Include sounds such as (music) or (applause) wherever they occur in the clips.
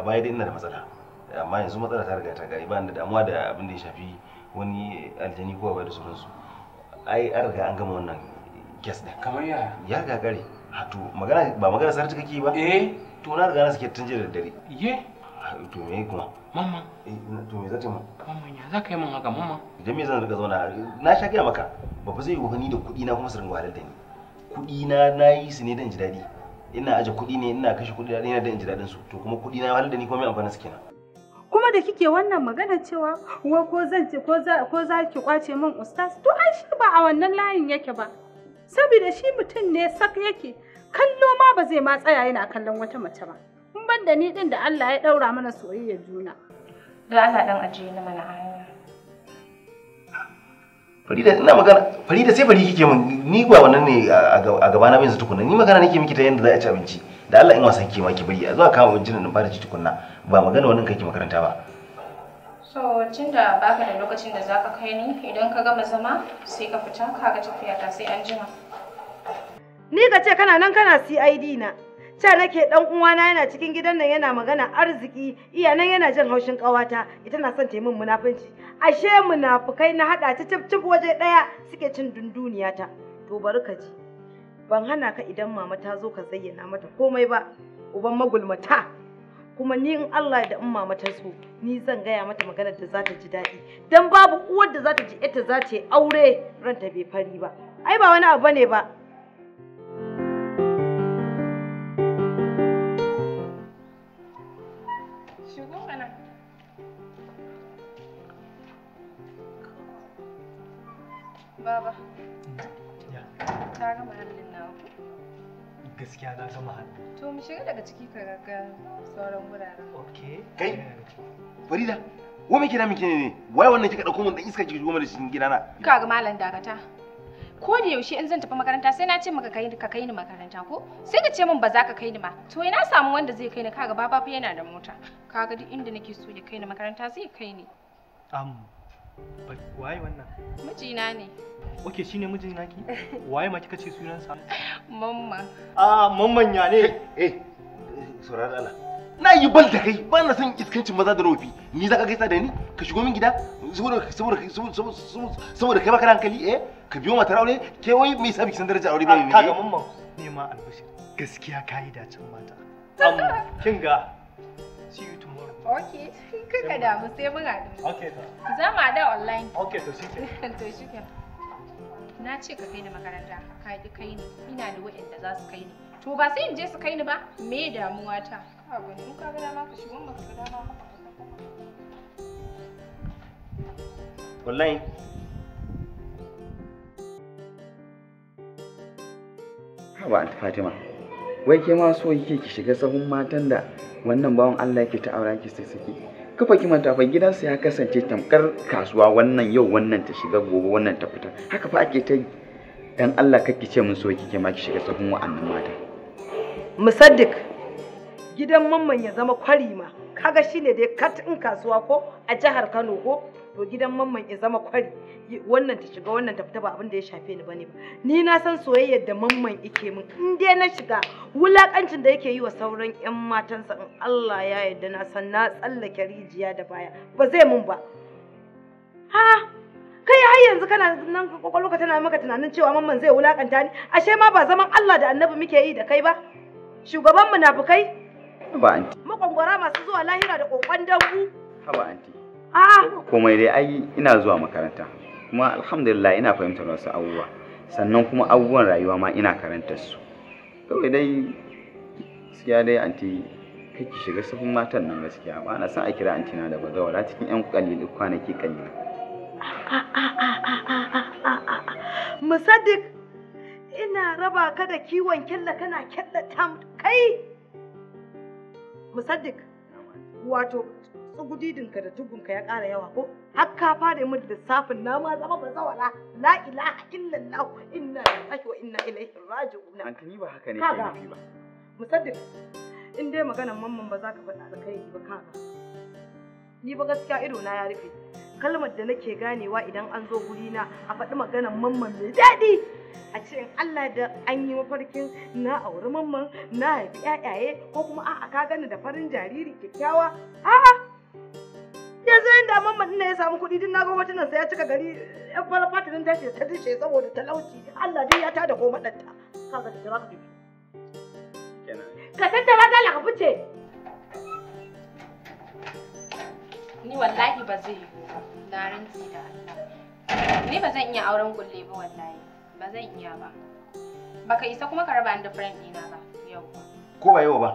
a baya dai ina da matsala amma yanzu matsala ta riga ta gari ba da damuwa da abin da ya shafi wani aljani ko abai da sauransu ai an riga an gama wannan kes din kamar ya ya gagare to magana ba magana sarta kake ba eh to na riga na sake tunje da dare ye to me kuma mamma eh to me zata mun mamma ya za ka yi mun haka mamma idan me zan riga zauna na sha maka ba fa zai yi wani da kuɗi na kuma su ringa wahalar da ni kuɗi na na yi su ne dan ji daɗi ina aje kuɗi ne ina kashe kuɗi da ina da inji dadin su to kuma kuɗi na wahalar da ni kuma mai amfani su kenan kuma da kike wannan magana cewa wa ko zan ce ko za ko za ki kwace min ustaz to ai shi ba a wannan layin yake ba saboda shi mutum ne sak yake kallo ma ba zai ma tsaya yana kallon wata mace ba in ban da ni din da Allah ya daura mana soyayya juna da Allah dan aje ni mana hanya Farida ina magana Farida sai fari kike min ni ba wannan ne a gaba na yanzu tukunna ni magana nake miki ta yanda za a ci abinci da Allah in wasan ke ma ki bari a zuwa kama abincin nan fara ci tukunna ba magana wannan kake makaranta ba So tunda baka da lokacin da zaka kai ni idan ka gama zama sai ka fita ka ga tafiya ta sai an jima Ni ka ce kana nan kana CID na ce nake dan uwana yana cikin gidan nan yana magana arziki iya nan yana jin haushin ƙawata, ita na son taimin munafunci ashe munafukai na haɗa ta cif waje daya suke cin dunduniya ta to bari ka ji ban hana ka idan mama ta zo ka zayyana mata komai ba uban magulmata kuma ni in Allah da in mama ta so ni zan gaya mata maganar da za ta ji daɗi dan babu uwar da za ta ji ita za ta yi aure ranta bai fari ba ai ba wani abu ne ba Baba. Hmm, ya. Ta gama hallin nawa Gaskiya na gama hallin. To mu shiga daga ciki ka ga sauran wuraren. Okay. Kai. Farida. Wa me kira miki ne? Wai wannan kika dauko mun dan iska kike goma da cikin gidana. Ka ga malam dakata. Ko da yaushe in zan tafi makaranta sai na ce maka kai ka kai ni makaranta ko? Sai ka ce min ba za ka kai ni ma. To ina samu wanda zai kai ni kaga baba fa yana da mota. Kaga duk inda nake so ya kai ni makaranta zai kai ni. Am. waye wannan mijina ne ok shine mijin naki (laughs) waye ma kika ce sunansa mamman ah mamman ya ne eh saurari Allah na yi bal da kai ba na son iskancin maza da rofi ni za ka gaisa da ni ka shigo min gida saboda saboda saboda kai baka da hankali eh ka biyo matar aure ke wai mai sabi kisan daraja aure bai ne kaga mamman ne ma albashir gaskiya ka kayi dacin mata am kinga see you tomorrow Okay, kaka damu sai mun haɗu. Okay to. Za mu haɗu online. to shike. to shike. Na ce ka kai ni makaranta, ka ki kai ni. Ina da waɗanda za su kai ni. To ba sai in je su kai ni ba, me damuwa ta? A gwani ka ga dama ka shigo maka ka dama Fatima. wai ke ma so yake ki shiga sahun matan da wannan bawan Allah yake ta aura ki sai saki kafa ki manta fa gidansa ya kasance tamkar kasuwa wannan yau wannan ta shiga gobe wannan ta fita haka fa ake ta dan Allah kake ce mun so kike ma ki shiga sahun wa'annan mata musaddiq gidan mamman ya zama kwari ma kaga shine dai kat in kasuwa ko a jihar Kano ko to gidan mamman ya zama kwari wannan ta shiga wannan ta fita ba abin da ya shafe ni bane ba ni na san soyayyar da mamman yake min in dai na shiga wulakancin da yake yi wa sauran yan matansa in Allah ya yarda na san na tsallake rijiya da baya ba zai mun ba ha kai har yanzu kana nan kwakwalwarka tana maka tunanin cewa mamman zai wulakanta ni ashe ma ba zaman Allah da annabi muke yi da kai ba shugaban munafukai Haba anti. Makwangwara masu zuwa lahira da kokon dambu. Haba anti. Ah. Komai dai ai ina zuwa makaranta. Kuma alhamdulillah ina fahimtar wasu abubuwa. Sannan kuma abubuwan rayuwa ma ina karantar su. Kawai dai gaskiya dai anti kake shiga sabon matan nan gaskiya ba na san a kira anti na da bazawara cikin yan kalili kwanaki kalili. Musaddiq ina raba ka da kiwon kyalla kana kyalla tam kai musaddik wato tsugudidinka da tugunka ya ƙara yawa ko har ka fara min lissafin na ma zama ba zawara la ilaha illallah inna lillahi wa inna ilaihi raji'un an tuni ba haka ne ke nufi ba musaddik in dai maganar mamman ba za ka faɗa kai ba kaga ni ba gaskiya ido na ya rufe kalmar da nake ganewa idan an zo na a faɗi maganar mamman mai daɗi a ce in Allah da an yi mafarkin na auri mamman na haifi ƴaƴaye ko kuma a'a ka gani da farin jariri kyakkyawa a'a yanzu inda mamman ina ya samu kuɗi din na ga hotunan sa ya cika gari ɗan fara fatirin tashi ta dushe saboda talauci Allah dai ya goma ɗanta ka ga da jira ka tafi ka tattara ka fice ni wallahi ba zai yiwu na da Allah ni ba zan iya auren kulle ba wallahi ba zan iya ba baka isa kuma ka raba ni da friend ɗina ba yau ko ba yau ba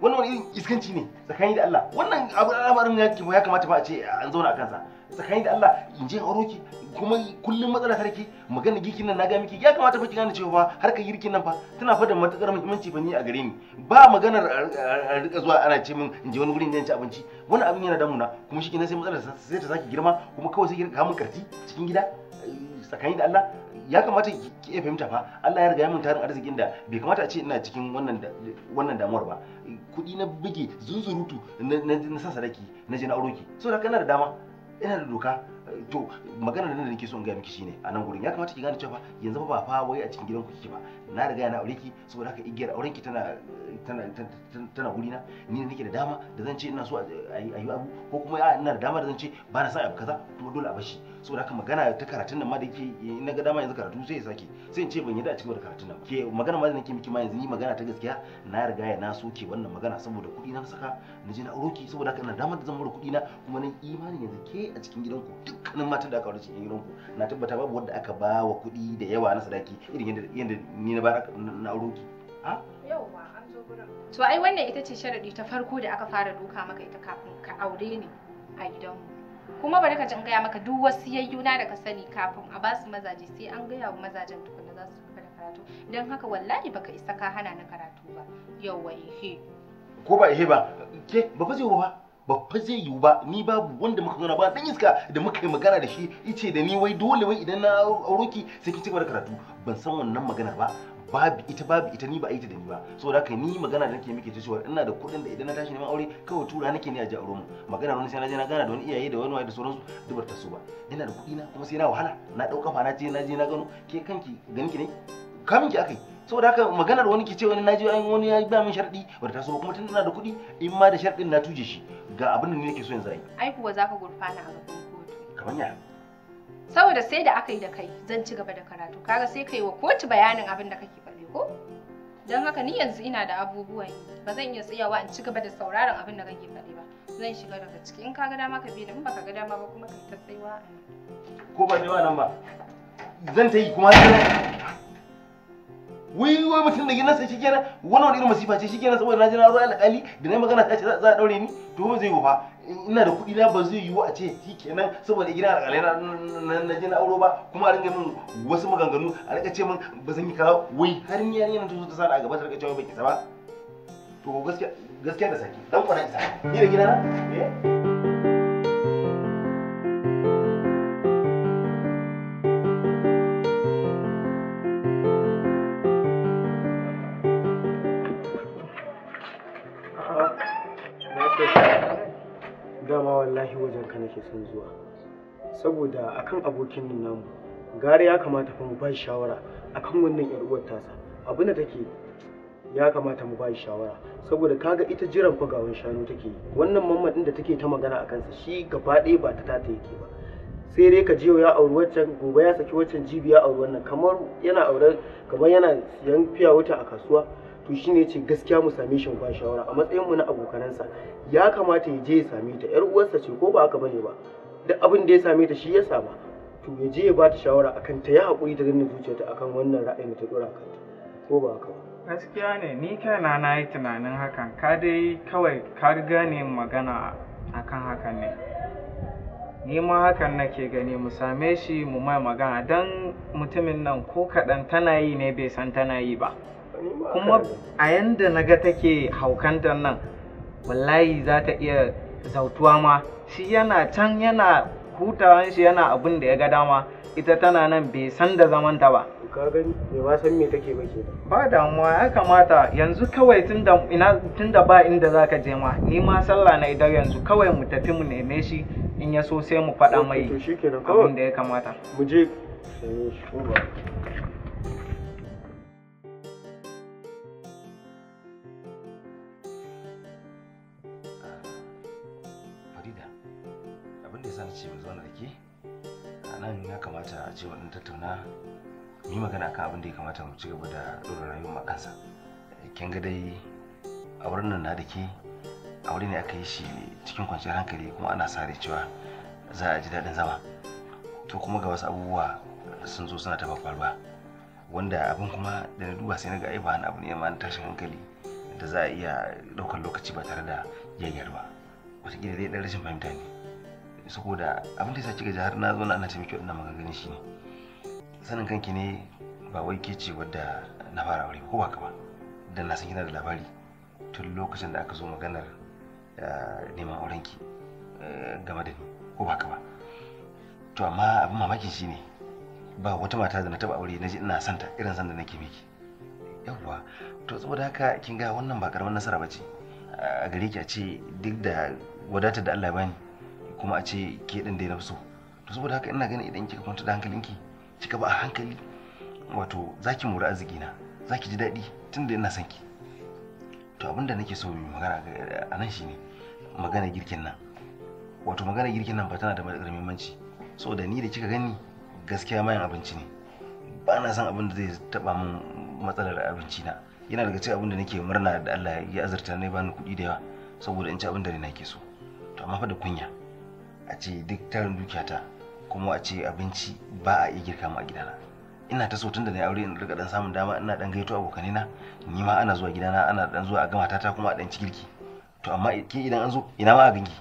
wannan wani irin iskanci ne tsakani da Allah wannan abu al'amarin ya kamata ba a ce an zauna a kansa tsakani da Allah in je auro ki kuma kullum matsala ta rike magana girkin nan na ga miki ya kamata fa ki gane cewa har ka yirkin nan fa tana fa da matukar muhimmanci ni a gare ni ba maganar rika zuwa ana ce min in je wani gurin ci abinci wani abin yana damuna kuma shi kenan sai matsalar sai ta saki girma kuma kawai sai ka mun karti cikin gida tsakanin da Allah ya kamata ki iya fahimta fa Allah ya riga ya mun tarin arzikin da bai kamata a ce ina cikin wannan wannan damuwar ba kuɗi na bige zunzurutu na na sadaki na je na aure ki so da kana da dama Ina da doka to maganar nan da nake so in gaya miki shine a nan gurin ya kamata ki gane cewa yanzu ba fa wai a cikin gidan ku kike ba na riga na aure ki saboda haka igiyar auren ki tana tana tana guri na ni ne nake da dama da zan ce ina so a yi abu ko kuma ina da dama da zan ce ba na sa abu kaza kuma dole a bashi. saboda haka magana ta karatun nan ma da yake in na ga dama yanzu karatu sai ya sake sai in ce ban yadda a cikin da karatun nan ke magana ma da nake miki ma yanzu ni magana ta gaskiya na riga ya na soke wannan magana saboda kuɗi na saka na je na auro ki saboda haka ina da zan mura kuɗi na kuma nan imanin yanzu ke a cikin gidanku dukkanin matan da aka aure cikin gidanku na tabbata babu wanda aka ba wa kuɗi da yawa na sadaki irin yadda yadda ni na ba na auro ki ha yauwa an zo gurin to ai wannan ita ce sharadi ta farko da aka fara doka maka ita kafin ka aure ni a gidanmu kuma bari ka jin gaya maka duk wasu yayyuna da ka sani kafin a ba su mazaje sai an gaya wa mazajen tukuna za su fara karatu don haka wallahi baka isa ka hana na karatu ba yawwa ihe ko ba ihe ba ke ba fa zai ba ba fa zai yiwu ba ni babu wanda muka zauna ba dan iska da muka yi magana da shi ice da ni wai dole wai idan na auroki sai kin gaba da karatu ban san wannan magana ba babu ita babu ita ni ba aita da ni ba saboda kai ni magana da nake miki ta cewa ina da kuɗin da idan na tashi neman aure kawai tura nake ne a ji mu magana wani sai na je na gana da wani iyaye da wani waye da su dubar ta su ba ina da kuɗi na kuma sai na wahala na ɗau kafa na je na je na gano ke kanki ganki ne kamin ki akai saboda haka da wani ke ce wani je an wani ya ba min sharadi wanda ta so kuma tun ina da kuɗi in ma da sharadin na tuje shi ga abin da ni nake so yanzu ai ai kuwa zaka gurfana a gaban kotu kamar ya saboda sai da aka yi da kai zan ci gaba da karatu kaga sai kai wa kotu bayanin abin da kake faɗi ko don haka ni yanzu ina da abubuwan yi ba zan iya tsayawa in ci gaba da sauraron abin da kake faɗi ba zan shiga daga ciki in ka ga dama ka bi da ba baka ga dama ba kuma kai ta tsayuwa ko ba tsayawa nan ba zan ta yi kuma wai wai mutum da gidansa shi kenan wani wani irin masifa ce shi kenan saboda na ji na zo alƙali da na magana ta ce za a daure ni to ba zai yi ba ina da kuɗi na ba zai yiwu a ce shi kenan saboda gina alƙalai na na na auro ba kuma a ringa min wasu maganganu a rika ce min ba zan yi kawo wai har ni yana ta ta sada a gaba ta rika cewa ba ki ba to gaskiya gaskiya da saki dan kwana isa ni da gina na eh son zuwa saboda akan abokin nan namu gara ya kamata mu ba shi shawara akan wannan yar uwar tasa abinda take ya kamata mu ba shi shawara saboda kaga ita jiran fa gawan shanu take wannan mamman din da take ta magana a kansa shi gaba ɗaya ba ta tata yake ba sai dai ka jiyo ya auri waccan gobe ya saki waccan jibi ya auri wannan kamar yana auren kamar yana siyan fiya wuta a kasuwa to shine yace gaskiya mu same shi shawara a matsayin mu na abokanansa ya kamata ya je ya same ta yar uwarsa ce ko ba haka bane ba duk abin da ya same ta shi ya saba to ya je ya ba ta shawara akan ta ya hakuri ta danna zuciyarta akan wannan ra'ayin da ta dora kanta ko ba haka ba gaskiya ne ni kaina na yi tunanin hakan ka dai kawai ka riga magana akan hakan ne ni ma hakan nake gani mu same shi mu mai magana don mutumin nan ko kaɗan tana yi ne bai san tana yi ba kuma a yanda na ga take haukantar nan wallahi za ta iya zautuwa ma shi yana can yana hutawan shi yana abin da ya ga dama ita tana nan bai san da zaman ta ba ba damuwa ya kamata yanzu kawai tun da ba inda za ka je ma ni ma sallah na idar yanzu kawai mu tafi mu neme shi in ya so sai mu faɗa mai abin da ya kamata nan ya kamata a ce waɗanda tattauna mu magana akan abin da ya kamata mu ci gaba da ɗora rayuwar mu kansa kin ga a wurin nan na da ke a wurin ne aka yi shi cikin kwanciyar hankali kuma ana sare cewa za a ji daɗin zama to kuma ga wasu abubuwa sun zo suna ta faruwa wanda abin kuma da na duba sai na ga ai ba abu ne ma hankali da za a iya ɗaukar lokaci ba tare da yayyar ba wataƙila dai ɗan rashin fahimta ne saboda abin da ya kika ka jihar na zo na ana taimaki wadda wannan gani shi ne sanin kanki ne ba wai ke ce wadda na fara aure ko ba ka ba da na san kina da labari tun lokacin da aka zo maganar eh, neman aurenki eh, game da ni ko ba ka ba to amma abin mamakin shi ne ba wata mata da na taba aure na ji ina santa irin sanda nake miki yawwa to saboda haka kin ga wannan ba karamin nasara ba ce a gare ki a ce duk da wadatar da Allah bani kuma a ce ke din da ya so to saboda haka ina ganin idan kika kwanta da hankalinki kika ba a hankali wato zaki mura arziki na zaki ji daɗi tunda ina son ki to abin da nake so mu magana a nan shine magana girkin nan wato magana girkin nan ba tana da matsalar muhimmanci saboda ni da kika gani gaskiya mayan abinci ne ba na son abin da zai taba min matsalar abinci na yana daga cikin abin da nake murna da Allah ya azurta ne bani kuɗi da yawa saboda in ci abin da nake so to amma fa da kunya a ce duk tarin dukiyata kuma a ce abinci ba a iya girka mu a gidana ina ta so da na aure in rika dan samun dama ina dan gaito abokanai na ni ma ana zuwa gidana ana dan zuwa a gama tata kuma a dan ci girki to amma ke idan an zo ina ma a gangi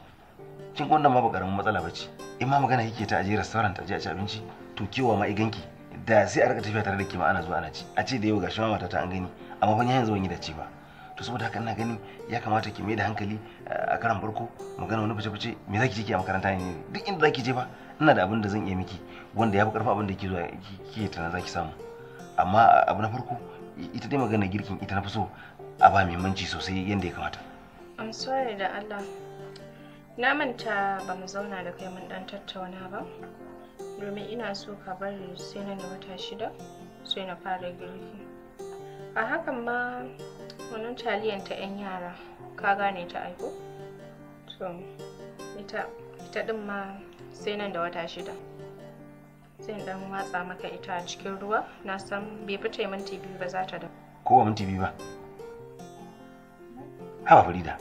kin wannan ma ba karamin matsala bace in ma magana kike ta aje restaurant aje a ci abinci to kewa ma ganki da sai a rika tafiya tare da ke ma ana zuwa ana ci a ce da yau gashi ma matata an gani amma fa yanzu ban yi da ci ba to saboda haka ina gani ya kamata ki mai da hankali eh, a karan farko magana wani fice-fice me zaki je ki a makaranta ne duk inda zaki je ba ina da abin da zan iya miki wanda ya fi karfa abin da ke zuwa ke tana zaki samu amma eh, abu na farko ita dai magana girkin ita na fi so a ba muhimmanci sosai yadda ya kamata I'm sorry da Allah na manta ba mu zauna da kai mun dan tattauna ba domin ina so ka bari sai nan da wata shida sai na fara girki a hakan ma wannan taliyan ta 'yan yara ka gane ta aiko to ita ita din ma sai nan da wata shida zan dan watsa maka ita a cikin ruwa na san bai fice minti biyu ba za ta da ko minti biyu ba hawa farida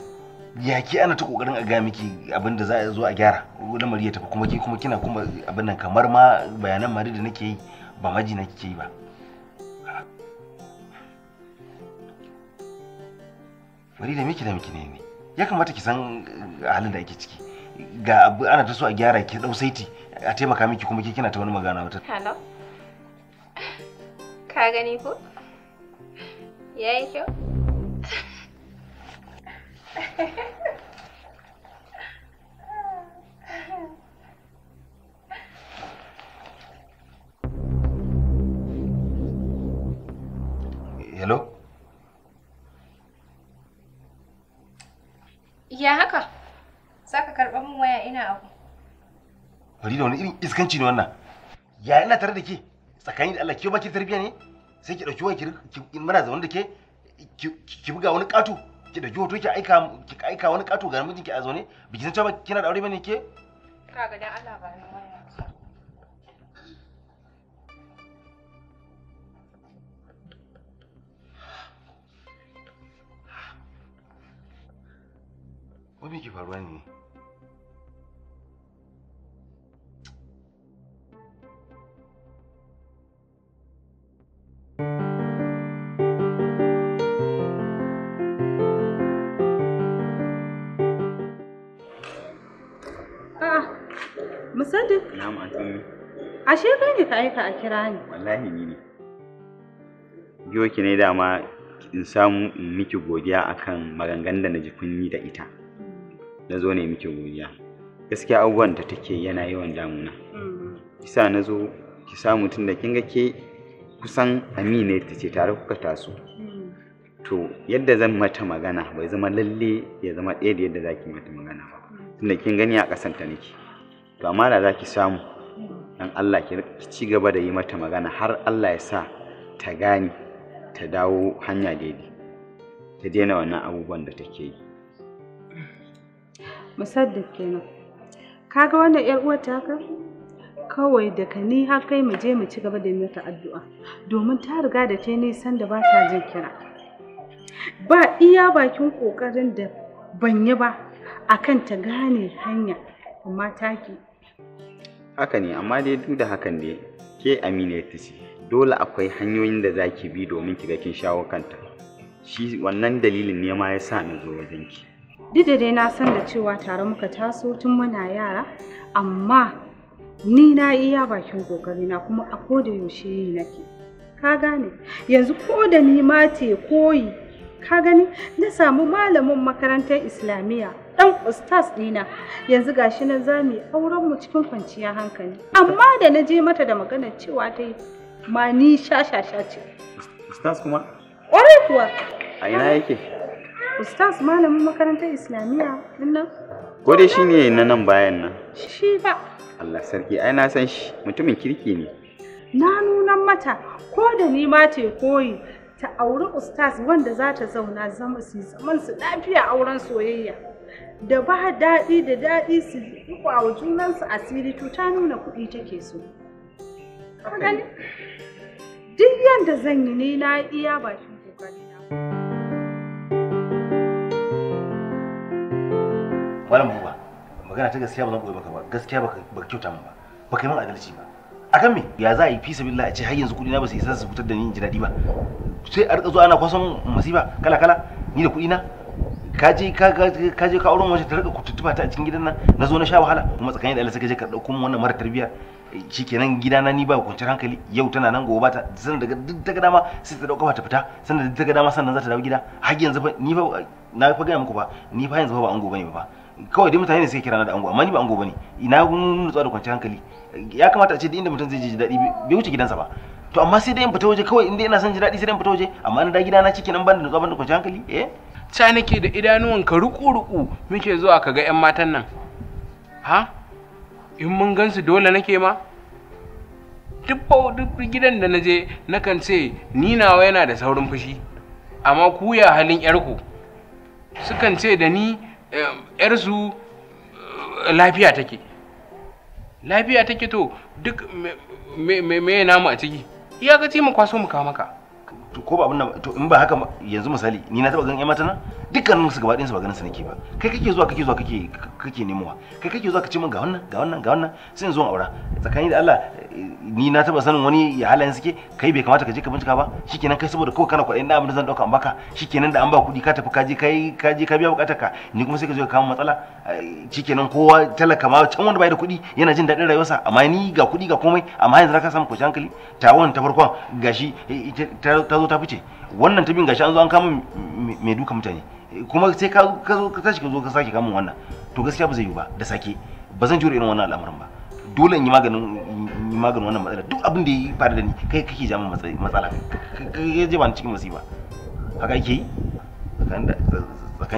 ya ke ana ta kokarin a ga miki abin da za a zo a gyara lamari mariya tafi kuma ke kuma kina kuma abin nan kamar ma bayanan mari da nake yi ba maji na kike yi ba da me da miki ne ne? Ya kamata ki san eh, halin da ake ciki. Ga abu ana ta so a gyara ki dau saiti a taimaka miki kuma ke kina ta wani magana wata. Hello. Ka gani ko? Yayi kyau. Hello? Ya haka? Za ka karɓa mun waya ina abu. Farida wani irin iskanci ne wannan? Ya ina tare da ke tsakanin da Allah ke ba ki tarbiyya ne? Sai ki ɗauki wani ki in muna zaune da ke ki buga wani ƙato ki ɗauki hoto ki aika ki aika wani ƙato ga mijinki a zaune biki san cewa kina da aure bane ke? Kaga dan Allah ba ni wannan Wai me ke faruwa ne? Ah, Ashe kai ne ka aika a kira ni. Wallahi ni ne. Yau ki ne dama in samu in miki godiya akan maganganun da na ji kun yi da ita. na zo ne miki godiya gaskiya abubuwan da take yana yawan damuna kisa na zo ki samu tun da kin ke kusan amine ta ce tare kuka taso to yadda zan mata magana bai zama lalle ya zama ɗaya da yadda zaki mata magana ba tunda kin gani a kasan ta nake to amma da zaki samu dan Allah ki ci gaba da yi mata magana har Allah ya sa ta gane ta dawo hanya daidai ta daina wannan abubuwan da take yi musaddik kenan kaga wannan yar uwar taka kawai daga ni har kai mu je mu ci gaba da mata addu'a domin ta riga da ta nisan da ba ta jin kira ba iya bakin kokarin da ban yi ba akan ta gane hanya amma ki haka ne amma dai duk da hakan ne ke amina ta ce dole akwai hanyoyin da zaki bi domin kiga kin shawo kanta shi wannan dalilin ne ma ya sa na zo wajenki duk da dai na san da cewa tare muka taso tun muna yara amma ni na iya bakin kokari na kuma a koda yaushe yi nake ka gane yanzu ko da ni ma te koyi ka gani na samu malamin makarantar islamiyya dan ustaz dina yanzu gashi na za mu auren mu cikin kwanciyar hankali amma da na je mata da maganar cewa ta yi ma ni shashasha ce ustaz kuma ƙwarai kuwa a ina yake Ustaz malamin makarantar Islamiyya nan. Ko dai shi ne na nan bayan nan? Shi ba. Allah sarki ai na san shi mutumin kirki ne. Na nunan mata ko da ni ma te koyi ta auri ustaz wanda za ta zauna zama su zaman su lafiya auren soyayya. Da ba daɗi da daɗi su riƙwa wa junansu asiri to ta nuna kuɗi take so. Ka gani? Duk yadda zan yi ne na iya bakin kokari na. malam buba magana ta gaskiya ba zan koyi ba gaskiya baka ba kyauta min ba baka yi min adalci ba akan me ya za a yi fi sabilillah a ce har yanzu kudi na ba su isa su fitar da ni in ji daɗi ba sai a rika zuwa ana kwason masifa kala kala ni da kudi na kaje ka kaje ka auren wace ta rika kututtufa ta a cikin gidan nan na zo na sha wahala kuma tsakanin da Allah sai kaje ka dauko min wannan mara tarbiya eh, shikenan gidana ni ba kwanciyar hankali yau tana nan gobe ta sanar daga duk ta dama sai ta dauka ta fita sanar da ta dama sannan za ta dawo gida har yanzu fa ni fa na fa ga muku ba ni fa yanzu fa ba an gobe ne ba kawai dai mutane ne suke kira na da ango amma ni ba ango bane ina gun nutsuwa da kwanciyar hankali ya kamata a ce duk inda mutum zai ji daɗi bai wuce gidansa ba to amma sai dai in fita waje kawai inda ina son ji daɗi sai dai in fita waje amma na da gida na cikin nan ban da nutsuwa ban da kwanciyar hankali eh ca nake da idanuwan ka ruku-ruku muke zuwa ka ga 'yan matan nan ha in mun gansu dole nake ma duk gidan da na je nakan ce ni nawa yana da saurin fushi amma ku ya halin yarku sukan ce da ni yarsu eh, lafiya take lafiya take to duk me namu a ciki ci mu kwaso mu kawo maka ko ba abin to in ba haka yanzu misali ni na taba ganin yan mata nan dukkanin su gabaɗayan su ba ganin su nake ba kai kake zuwa kake zuwa kake kake nemowa kai kake zuwa ka ce min ga wannan ga wannan ga wannan sai in zo aura tsakani da Allah ni na taba sanin wani ya halayen suke kai bai kamata ka je ka bincika ba shikenan kai saboda kawai kana kwaɗayin na abin da zan dauka an baka shikenan da an ba kuɗi ka tafi ka je kai ka je ka biya bukatar ka ni kuma sai ka zo ka kama matsala shikenan kowa talaka ma can wanda bai da kuɗi yana jin daɗin rayuwarsa amma ni ga kuɗi ga komai amma yanzu na ka samu kwanciyar hankali tawon ta farkon gashi ta zo ta fice wannan ta bin gashi an zo an kama mai duka mutane kuma sai ka ka zo ka tashi ka zo ka sake kamun wannan to gaskiya ba zai yi ba da sake ba zan jure irin wannan al'amarin ba dole in yi maganin yi maganin wannan matsalar duk abin da ya faru da ni kai kake jama min matsala kai je ba ni cikin masifa haka yake yi tsakanin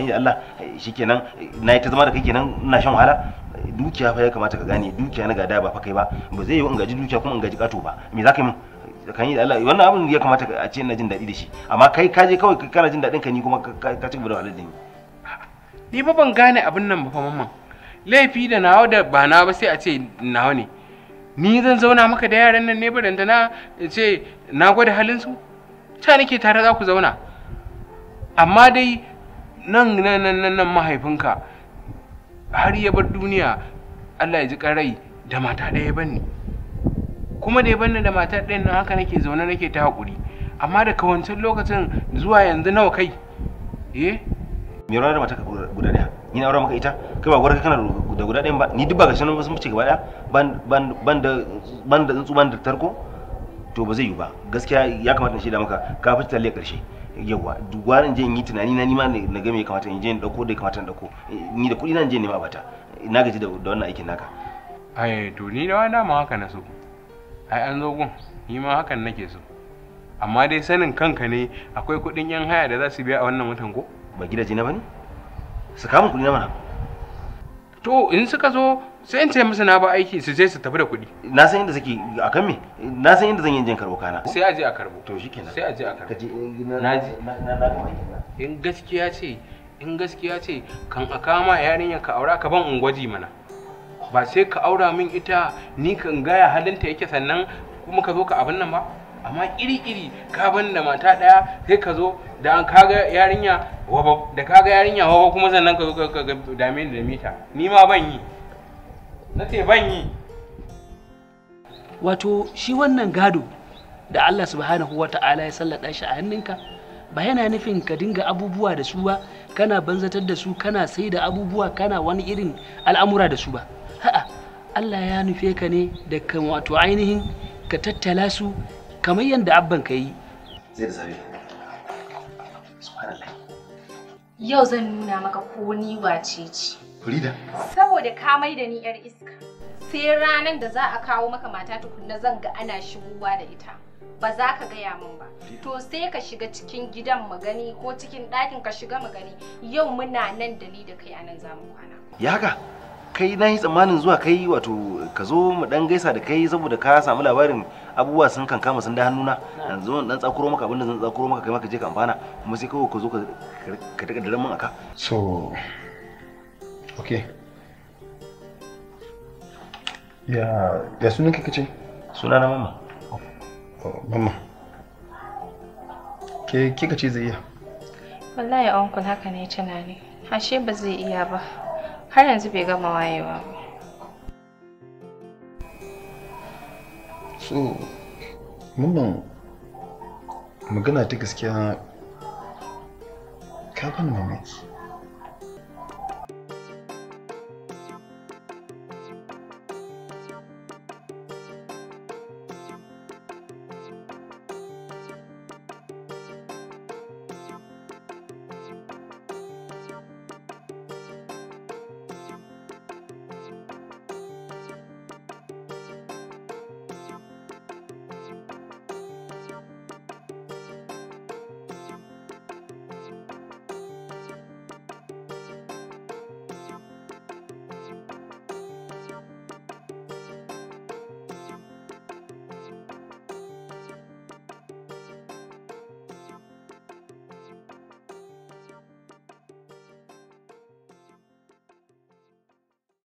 da Allah shikenan na yi ta zama da kai kenan ina shan wahala dukiya fa ya kamata ka gane dukiya na gada ba fa kai ba ba zai yi in gaji dukiya kuma in gaji kato ba me za ka yi mun tsakani da Allah wannan abin ya kamata a ce ina jin daɗi da shi amma kai ka je kawai kana jin daɗin ka ni kuma ka ci gaba da wahalar da ni ban gane abin nan ba fa laifi da nawa da ba na ba sai a ce nawa ne ni zan zauna maka da yaran nan ne ba da na ce na gwada halin su ta nake tare za ku zauna amma dai nan nan nan nan mahaifinka har ya bar duniya Allah ya ji karai da mata ɗaya bane kuma da ya da matar ɗin nan haka nake zaune nake ta haƙuri amma daga wancan lokacin zuwa yanzu nawa kai eh me rawa da ka guda ɗaya ni na aure maka ita kai ba ka kana da guda ɗayan ba ni duk ba ga sanin sun fice gaba ɗaya ban da ban da ban da tarko to ba zai yi ba gaskiya ya kamata in shaida maka ka fice talle karshe yawa gwara in je in yi tunani na nima na ga me ya kamata in je in dauko da ya kamata in dauko ni da kuɗi na in je nema bata na gaji da wannan aikin naka ai to ni da wani dama haka na so ai an zo gun ni ma hakan nake so amma dai sanin kanka ne akwai kuɗin yan haya da za su biya a wannan watan ko ba gidaje na bane su kama kuɗi na mana to in suka zo sai in ce musu na ba aiki su je su tafi da kuɗi na san inda suke a kan me na san inda zan yi jin karbo kana sai a je a karbo to shikenan sai a je a karbo kaje eh, na ji in gaskiya ce in gaskiya ce kan a kama yarinyar ka aura ka ban ungwaji mana ba sai ka aura min ita ni kan gaya halinta yake sannan kuma ka zo ka abin nan ba amma iri-iri ka ban da mata ɗaya sai ka zo da an kaga yarinya waba da kaga yarinya waba kuma sannan ka zo ka dame da mita ni ma ban yi na ce ban yi wato shi wannan gado da Allah subhanahu wa ta'ala ya sallada shi a hannunka ba yana nufin ka dinga abubuwa da su ba kana banzatar da su kana sai da abubuwa kana wani irin al'amura da su ba Allah ya nufe ka ne da ka wato ainihin ka tattala su kamar yadda abban ka yi zai da sabi yau zan nuna maka ko ni wace ce Farida saboda ka mai da ni yar iska sai ranar da za a kawo maka mata tukunna zan ga ana shigowa da ita ba za ka gaya min ba to sai ka shiga cikin gidan magani ko cikin ɗakin ka shiga magani yau muna nan da ni da kai a nan zamu kwana ya ga? kai na yi tsammanin zuwa kai wato ka zo mu dan gaisa da kai saboda ka samu labarin abubuwa sun kankama sun da hannuna yanzu dan tsakuro maka abinda zan tsakuro maka kai maka je ka amfana kuma sai kawai ka zo ka daga da ramin aka so okay ya ya sunan ka kace suna na mama oh, oh, mama ke kika ce zai iya wallahi uncle haka ne tunani ashe ba zai iya ba har yanzu bai gama wayewa ba so mamman magana ta gaskiya ka mamaki